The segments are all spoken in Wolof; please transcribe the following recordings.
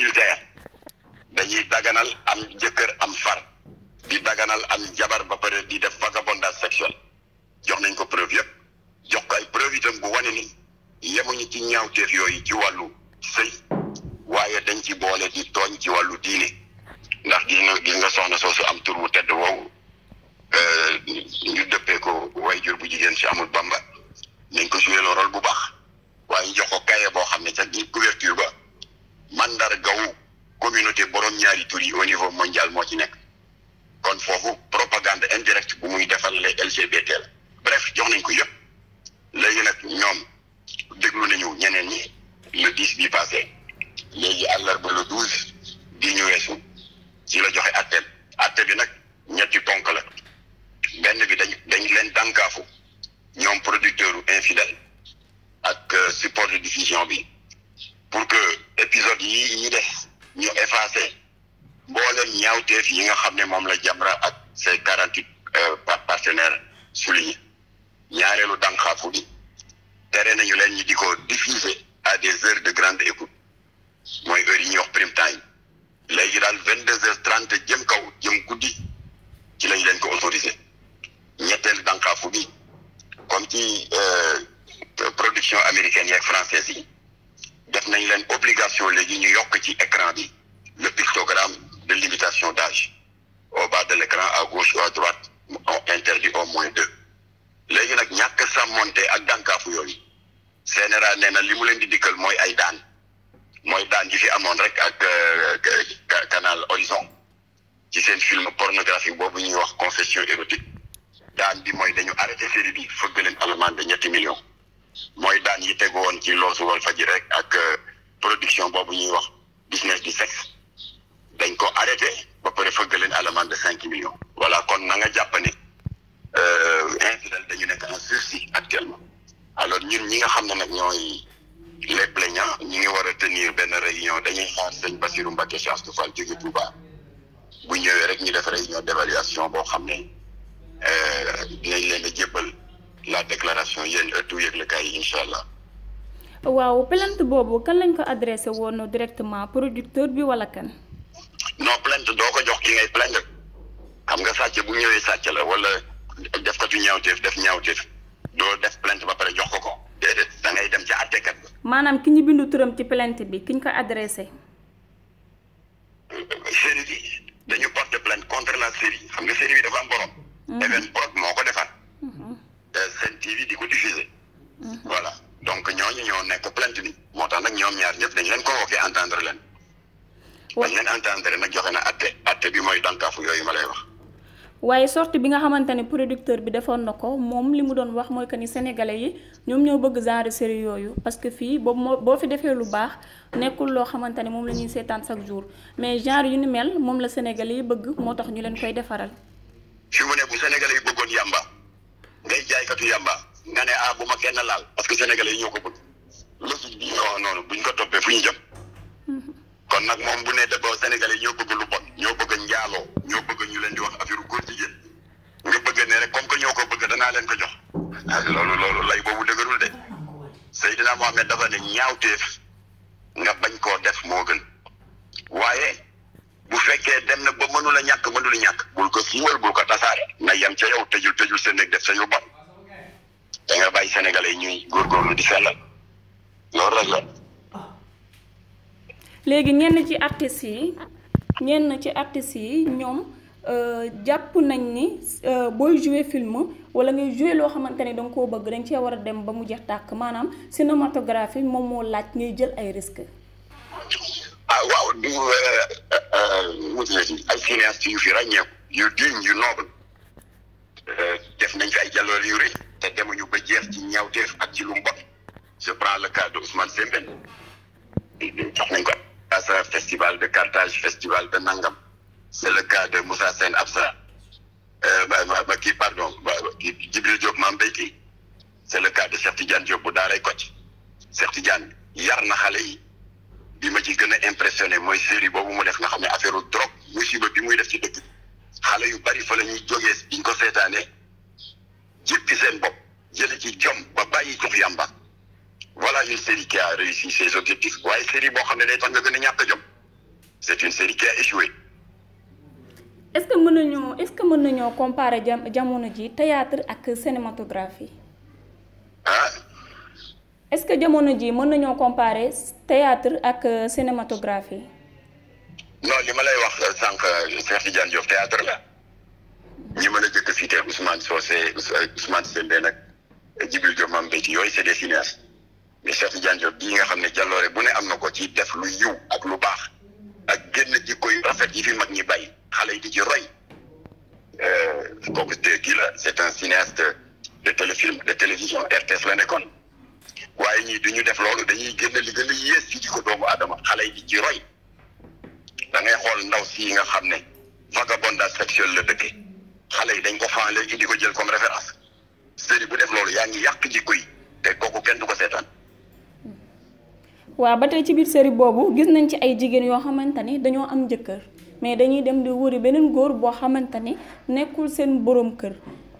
adultère dañuy daganal am jëkkër am far di daganal am jabar ba pare di def vagabondage sexuel jox nañ ko preuve yëpp jox ko ay preuve itam bu wane ni yemuñu ci ñaawteef yooyu ci wàllu sëy waaye dañ ci boole di tooñ ci wàllu diine joxe atteem atte bi nag ñetti ponk la benn bi dañ dañ leen dànkaafu ñoom producteur u infidèle ak euh, support de diffusion bi pour que épisode yi ñi def ñu effacé mboolem ñaawteef yi nga xam ne moom française yi def nañ leen obligation léegi ñu yokk ci écran bi le pictogramme de limitation d'âge au bas de l'écran à gauche ou à droite on interdit au moins deux léegi nag ñàkk sàmmonte ak dànkaafu yooyu CNRA nee na li mu leen di dikkal mooy ay daan mooy daan ji fi amoon rek ak euh, canal Horizon ci seen film pornographique boobu ñuy wax confession érotique daan bi mooy dañu arrêté série bi fëgg leen amende de ñetti millions mooy daan yi tegu woon ci loosu ji rek ak euh, production boobu ñuy wax business du sexe dañ ko arrêté ba pare fëgg leen amende de cinq millions. voilà kon na nga jàpp ne euh, infidèles dañu nekk en sursis actuellement alors ñun ñi nga xam ne nag ñooy les plaignants ñi ngi war a tenir benn réunion dañuy xaar sëñ Bassirou Mbacké Cheikh Astou Fall jóge Touba bu ñëwee rek ñu def réunion d'évaluation boo xam ne euh, dinañ leen a jébbal. la déclaration yéen ëttu yëglekaay yi incha allah. waaw plant boobu kan lañ ko adressé woon directement producteur bi wala kan. non plainte doo ko jox ki ngay plainte xam nga sàcc bu ñëwee sàcc la wala def ko ci ñaawteef def ñaawteef doo def plainte ba pare jox ko ko. déedéet da ngay dem ci àttekat ba. maanaam ki ñu bindu turam ci plainte bi ki ñu ko adressé. Euh, série bi dañu porté plainte contre la série xam nga série bi dafa am borom. Mm-hmm. even prod moo entendre leen. waaye nag joxe na atte atte bi mooy dànkaafu yooyu ma lay wax. waaye sorti bi nga xamante ne producteur bi defoon na ko moom li mu doon wax mooy que ni sénégalais yi ñoom ñoo bëgg genre série yooyu parce que fii boobu moo boo fi defee lu baax nekkul loo xamante ne moom la ñuy seetaan chaque jour mais genre yu ni mel moom la sénégalais yi bëgg moo tax ñu leen koy defaral. fi mu ne bu sénégalais yi bëggoon yàmba ngay jaaykatu yàmba nga ne ah bu ma ko bëgg logique bi ñu wax noonu buñ ko toppee fu ñu jëm. kon nag moom bu ne d'abord Sénégalais ñoo bëgg lu bon ñoo bëgg njaaloo ñoo bëgg ñu leen di wax affaire góor jigéen nga bëgg ne rek kom que ñoo ko bëgg danaa leen ko jox ah, loolu loolu lay boobu dëgërul de Seydina Mohamed dafa ne ñaawteef nga bañ koo def moo gën waaye bu fekkee dem na ba mënu la ñàkk mënu ñàkk bul ko siiwal bul ko tasaare na yem ca yow tëjul tëjul seen nekk def sa yu bon da nga bàyyi Sénégalais yi ñuy góorgóorlu di sellal loolu rek la léegi ñenn ci artistes yi ñenn ci artistes yi ñoom euh, jàpp nañ ni euh, booy jouer film wala ngay jouer loo xamante ni danga ko bëgg dañ cee war a dem ba mu jeex tàkk maanaam cinématographie moom moo laaj ngay jël ay risques. ah waaw du euh, ay cinéastes yu fi ràññeeku yu digne yu noble def nañ fi ay jaloor yu rëy te demuñu ba jeex ci ñaawteef ak ci lu mbot je prends le cas de Ousmane Sembène jox nañ ko Asra festival de Carthage festival de Nangam c'est le cas de Moussa Sène Absa euh, ba kii pardon Djibril Diop Mame Beyti c'est le cas de Cheikh Tidiane Diop bu Daaray Kocc Cheikh Tidiane yar na xale yi bi ma ci gën a impressionné mooy série boobu mu def na xam ne affaire u drogue musiba bi muy def ci dëkk xale yu bari fa la ñuy jógee biñ ko seetaanee jéppi seen bopp jëli ci jom ba bàyyi jox yàmba voilà une série qui a réussi ses objectifs waaye série boo xam ne day tax nga gën a ñàkk a jom c'est une série a échoué. est-ce que mën nañoo est-ce que mën nañoo comparer jamono ji théâtre ak cinématographie. ah. est-ce que jamono ji mën nañoo comparer théâtre ak cinématographie. non li ma lay wax euh, sànq euh, Cheikh Tidiane Diop théâtre la. ñi mën a jëkk fii te Ousmane Socé Ousmane Sembène nag Djibril Diop Mambéty yooyu c'est des cinéastes. mi Cheikh Tidiane Diop bii nga xam ne jàlloore bu ne am na ko ci def lu yiw ak lu baax ak génn jikko yu rafet yi fi mag ñi bay xale yi di ji roy euh, kooku kii la c' est un cinéaste de téléfilm de télévision RTS la nekkoon waaye ñii du ñu def loolu dañuy génn li gën a yées ci jikko doomu aadama xale yi di ji roy da ngay xool ndaw si nga xam ne vagabondage sexuel la dëkke xale yi dañ ko faanle indi ko jël comme référence série bu def loolu yaa ngi yàq jikko yi te kooku kenn du ko seetaan waaw ba tey ci biir série boobu gis nañ ci ay jigéen yoo xamante ni dañoo am jëkkër mais dañuy dem di wëri beneen góor boo xamante ni nekkul seen boroom kër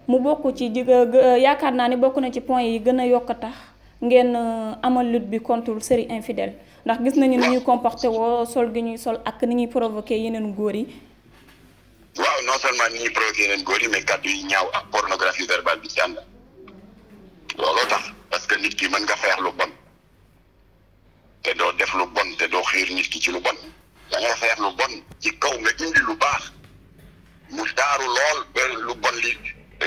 mu bokk ci jig yaakaar naa ni bokk na ci point yi gën a yokk tax ngeen euh, amal lutte bi contre série infidèle ndax gis nañu ni ñuy comporté woo sol gi ñuy sol ak ni ñuy provoqué yeneen góor yi. waaw non seulement ni ñuy provoqué yeneen góor yi mais kàddu yi ñaaw ak pornographie verbale bi ci looloo tax parce te doo def lu bon te doo xiir nit ki ci lu bon da ngay xeex lu bon ci kaw nga indi lu baax mu taaru lool ba lu bon li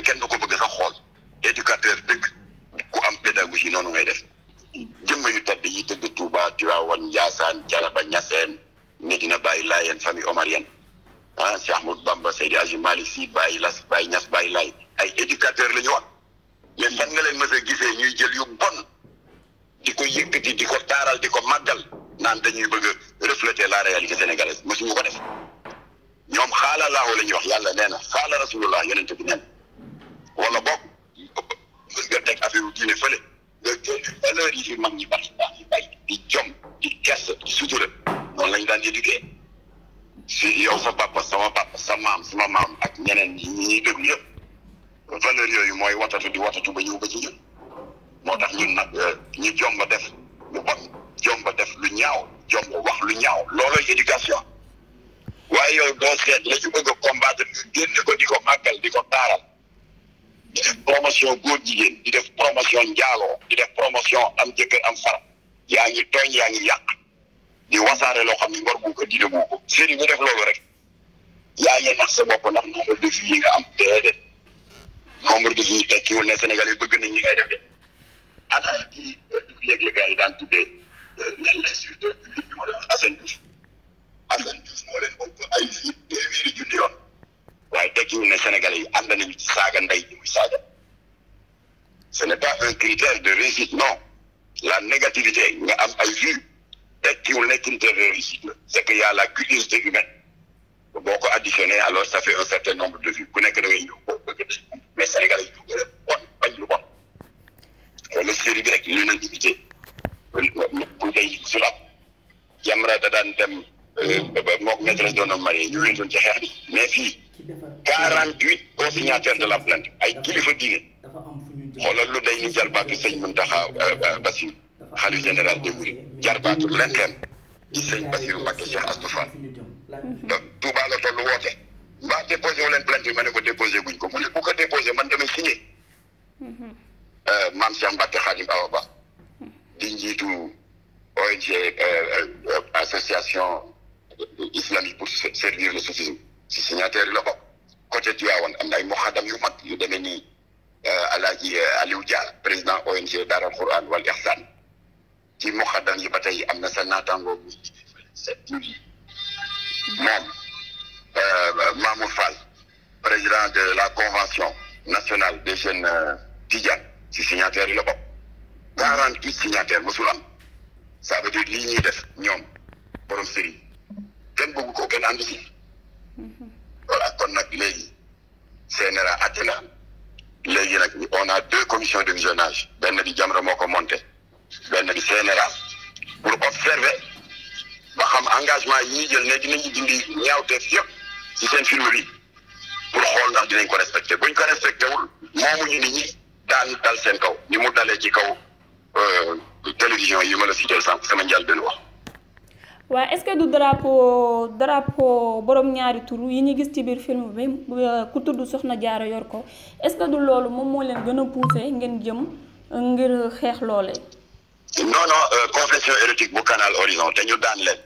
kenn du ko bëgg sax xool éducateur dëgg ku am pédagogie noonu ngay def jëmm yu tedd yi tëdd Touba Tivaouane Ndiassane Thiénaba Niassène Medina Baye Layène famille Omarienne ah Cheikh Ahmadou Bamba Seydi Hadji Malick Sy Baye Lass Baye Niass Baye yàlla nee na xaala rasulullah yonent bi nen wala boog nga teg affaire diine fële nga jël valeur yi fi mag ñi baax baax ñi bay di jom di gers di sutura noonu lañ daan éduqué si yow sa papa sama papa sa maam sama maam ak ñeneen ñi ñuy yëpp valeur yooyu mooy watatu di watatu ba ñëw ba ci ñun moo tax ñun nag euh, ñu jomba def lu bon jomba def lu ñaaw jomba wax lu ñaaw loolooy éducation waaye yow doo seet la bëgg a combattre génne ko di ko màggal di ko taaral di def promotion góor jigéen di def promotion njaaloo di def promotion am jëkkër am fara yaa ngi tooñ yaa ngi yàq di wasaare loo xam ne war bu ko dina bu ko série bu def loolu rek yaa ngi nax sa bopp ndax nombre de filles yi nga am déedéet de filles yi yi bëgg nañ ñi ngay def de ana ci euh, léeg-léeg yi tuddee euh, lan moo leen ëpp ay fii téeméeri junni waaye tekkiwul ne sénégalais yi am nañu ci saaga ndey ñu muy saaga ce n'est pas un critère de réussite la négativité nga am ay vues tekkiwul ne critère de réussite la c'est que y a la curiosité humaine boo ko additionné alors ça fait un certain nombre de vues ku nekk da ngay mariés ñu leen doon ci xeex mais fii quarante huit co-signataires de la plainte ay kilifa diine xoolal lu day ni jarbaatu sëñ Muntaxa euh, euh, Basiru xalif général des Mourides jarbaatu lenteen ci sëñ Basiru Mbàkke Cheikh Astou donc Touba la tollu woote mbaa déposé wu leen plainte bi ma ne ko déposé guñ ko mu ne bu ko déposé interdire le si signataire yi la bokk côté Tivaouane am na ay muxadam yu mag yu demee nii euh, Alaaji euh, Aliou Dia président ONG Daaral Quran wal Ihsan ci muxadam yi ba tey am na sa naataango bu ñu moom euh, Mamour Fall président de la convention nationale des jeunes Tidjane si signataire yi la bokk quarante-huit signataire ça veut dire lii ñuy def ñoom kenn bëggu ko kenn ànd si voilà kon nag léegi CNRA àtte léegi nag on a deux commissions de visionnage benn bi Jamra moo ko monté benn bi CNRA pour observer ba xam engagement yi ñuy jël ne dinañu dindi ñaawteef yëpp ci seen film bi pour xool ndax dinañ ko respecté buñ ko respecté wul ñu ni ñi daan dal seen kaw ni mu dalee ci kaw euh, télévision yi ma la si jël sànq sama njaal benn wax waa est-ce que du drapeau drapeau borom ñaari tour yi ñu gis ci biir film bi euh, ku tudd Soxna jaaro yor ko est-ce du loolu moom moo leen gën a poussé ngeen jëm ngir xeex loole non non euh, confession érotique bu Canal Horizon te ñu daan leen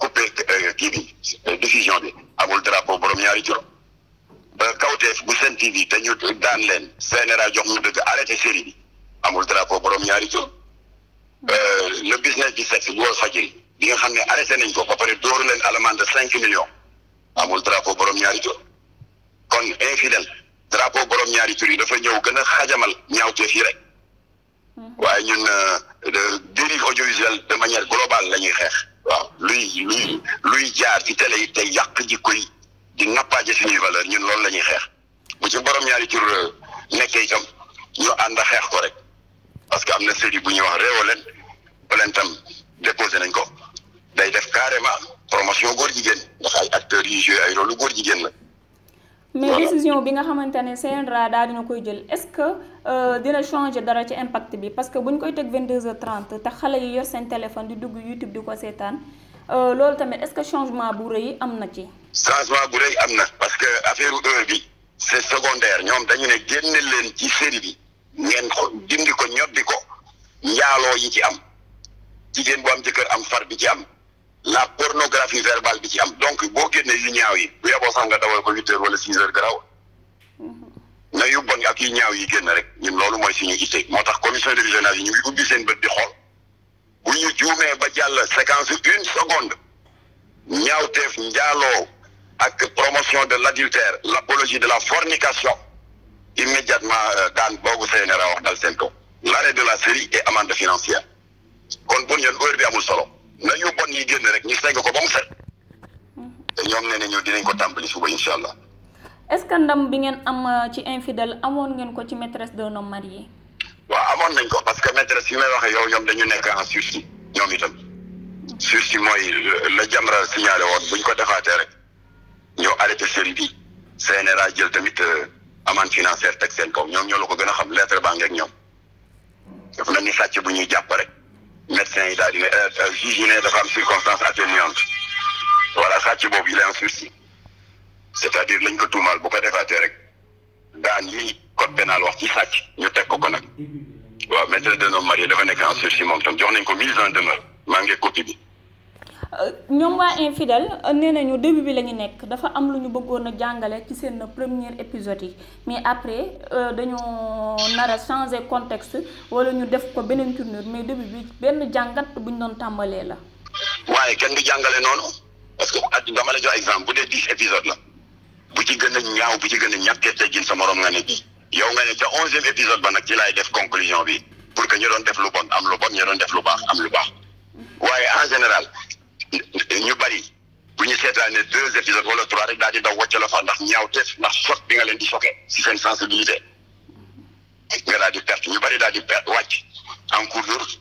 coupé euh, kii bi diffusion bi amul drapeau borom ñaari tur ba kawteef bu seen TV te ñu daan leen CNRA jox mu dëgg arrêté série bi amul drapeau borom ñaari tur le business du sexe bu Walfadjri yi nga xam ne arrêté nañ ko ba pare dóor leen allemande cinq millions amul drapeau borom ñaari tur kon infidèle drapeau borom ñaari tur yi dafa ñëw gën a xajamal ñaaw ñaawteef yi rek waaye ñun euh, dérive audiovisuelle de manière globale la ñuy xeex waaw luy luy luy jaar ci télé yi te yàq jikko yi di nappaaje suñuy valeur ñun loolu la ñuy xeex bu ci borom ñaari tur euh, nekkee itam ñu ànd a xeex ko rek parce que am na série bu ñuy wax réew leen ba leen tam déposé nañ ko day def carrément promotion góor jigéen ndax ay acteurs yi joué ay rôle góor jigéen la. mais décision bi nga xamante ne CNRA daal dina koy jël est-ce que euh, dina changer dara ci impact bi parce que buñ koy teg 22h30 te xale yi yor seen téléphone di dugg YouTube di ko seetaan euh, loolu tamit est-ce que changement bu rëy am na ci. changement bu rëy am na. parce que affaire heure bi c'est secondaire ñoom dañu ne génn leen ci série bi ngeen ko dindi ko ñoddi ko njaaloo yi ci am jigéen bu am jëkkër am far bi ci am. la pornographie verbale bi ci am donc boo génnee yu ñaaw yi bu yeboo sax nga dawal ko huit heures wala six heures mm-hmm. na yu bon ak yu ñaaw yi génn rek ñun loolu mooy suñu gisee moo tax commission de visionnage yi ñu ngi ubbi seen bët di xool bu ñu juumee ba jàll séquence une seconde ñaawteef njaaloo ak promotion de l'adultère l'apologie de la fornication immédiatement euh, daan boobu CNRA wax dal seen kaw l'arrêt de la série et amende financière kon pour ñun heure bi amul solo na yu bon yi génn rek ñu segg ko ba mu set mhm. te ñoom nee nañu dinañ ko tàmbali suba incha allah. est-ce que ndam bi ngeen am euh, ci infidèle amoon ngeen ko ci maîtresse d'un homme marié. waaw amoon nañ ko parce que maîtresse yi may waxee yow ñoom dañu nekk a sursis ñoom itam sursis mooy la Jamra signalé woon bu ñu ko defaatee rek ñoo arrêté série bi CNRA jël tamit euh, amende financière teg seen kaw ñoom ñoo la ko gën a xam lettre baa ngeeg ñoom daf na ni sàcc bu ñuy jàpp rek. médecin yi daal di ne euh, euh, juge dafa am circonstance atténuante voilà sàcc boobu il est en sursis c'est-à-dire lañ ko tuumaal bu ko defaatee rek daan yi code pénal wax ci sàcc ñu teg ko ko nag waaw maître d'un homme marié dafa nekk en sursis moom tam jox nañ ko mise en demeure maa ngi bi. Euh, ñoom waa infidèle euh, nee ñu début bi la ñu nekk dafa am lu ñu bëggoon a jàngale ci seen premier épisode yi mais après euh, dañoo nar a changer contexte wala ñu def ko beneen tournure mais début bi benn jàngat bu ñu doon tàmbalee la. waaye kenn du jàngale noonu parce que at dama la jox exemple bu dee dix épisode la bu ci gën a ñaaw bu ci gën a ñàkkee teggin sa morom nga ne bii yow nga ne ca onzième épisode ba nag ci laay def conclusion bi pour que ñu doon def lu am lu bon ñu doon def lu baax am lu baax mm-hmm. waaye en général. ñu bari bu ñu seetaanee deux épisodes wala trois rek daal di daw wàcce la fa ndax ñaaw teef ndax choc bi nga leen di choqué si seen sensibilité nga daal di perte ñu bari daal di perte wàcc en cours de route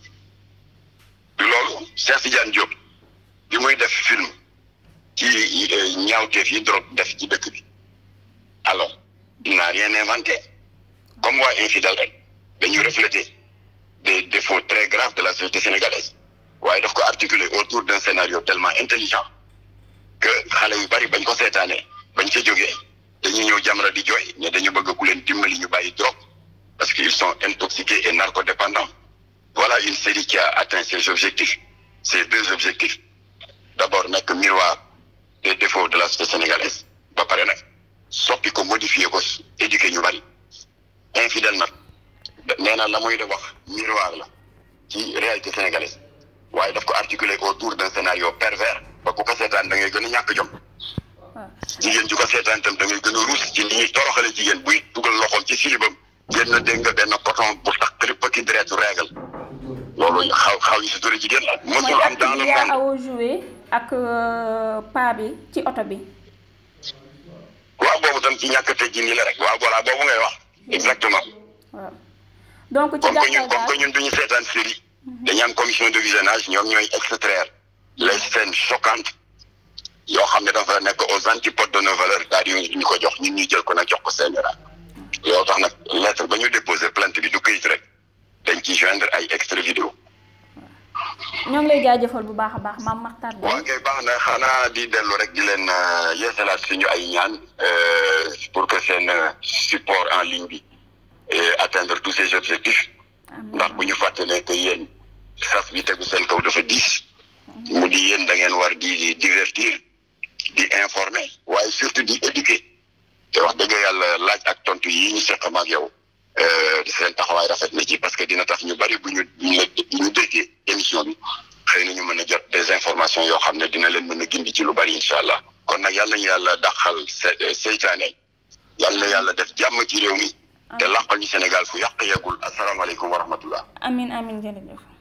loolu Cheikh Tidiane Diop bi muy def film ci euh, ñaawteef yi drogue def ci dëkk bi alors il n'a rien inventé comme waa infidèle rek dañu refléter de défauts très graves de la société sénégalaise waaye daf ko articuler autour d'un scénario tellement intelligent que xale yu bari bañ ko seetaanee bañ ca jógee dañuy ñëw Jamra di jooy ne dañu bëgg ku leen dimbali ñu bàyyi drogue parce qu'ils sont intoxiqués et narcodépendants voilà une série qui a atteint ses objectifs ces deux objectifs d'abord nekk miroir des défauts de la société sénégalaise ba pare nag soppi ko modifier ko éduquer ñu bari infidèle nag nee na la muy de wax miroir la ci réalité sénégalaise waaye daf ko articuler autour d'un scénario pervers ba ku ko seetaan da ngay gën a ñàkk jom ah. jigéen ju ko seetaan tam da ngay gën a ruus ci li ñuy toroxale jigéen buy dugal loxoom ci silibam génn na dégg nga benn coton bu tax très petit dreetu règle loolu xaw xaw yi si ture jigéen la mësul am dans le monde aw joué ak euh, paa bi ci oto bi waaw boobu tam ci ñàkk te jin yi la rek waaw voilà boobu ngay wax exactement donc ci gàttal daal comme que ñun duñu seetaan série Mm-hmm. dañu am commission de visionnage ñoom ñooy extraire les mm-hmm. scènes choquantes yoo xam ne dafa nekk aux antipodes de nos valeurs daal di ñu ko jox ñu ñu jël ko nag jox ko CNRA yoo mm-hmm. tax nag lettre ba ñu déposé plainte bi du këyit rek dañ ci joindre ay extrait vidéo ñoo ngi lay bu baax a baax maam Makhtar waaw kay baax na xanaa di dellu rek di leen euh, yeesalaat suñu ay ñaan euh, pour que seen euh, support en ligne bi atteindre tous ses objectifs ndax bu ñu fàtte ne que yéen sas bi tegu seen kaw dafa diis mu di yéen da ngeen war di divertir di informer waaye surtout di éduquer te wax dëgg yàlla laaj ak tontu yi ñu seq ma ak yow euh, seen taxawaay rafet na ci parce que dina tax ñu bari bu ñu ñu déggee émission bi xëy na ñu mën a jot des informations yoo xam ne dina leen mën a gindi ci lu bari incha allah kon nag yàlla ñu yàlla dàqal euh, seytaane yàlla na yàlla def jàmm ci réew mi te làqal ñu Sénégal fu yàq yeggul asalaamaaleykum wa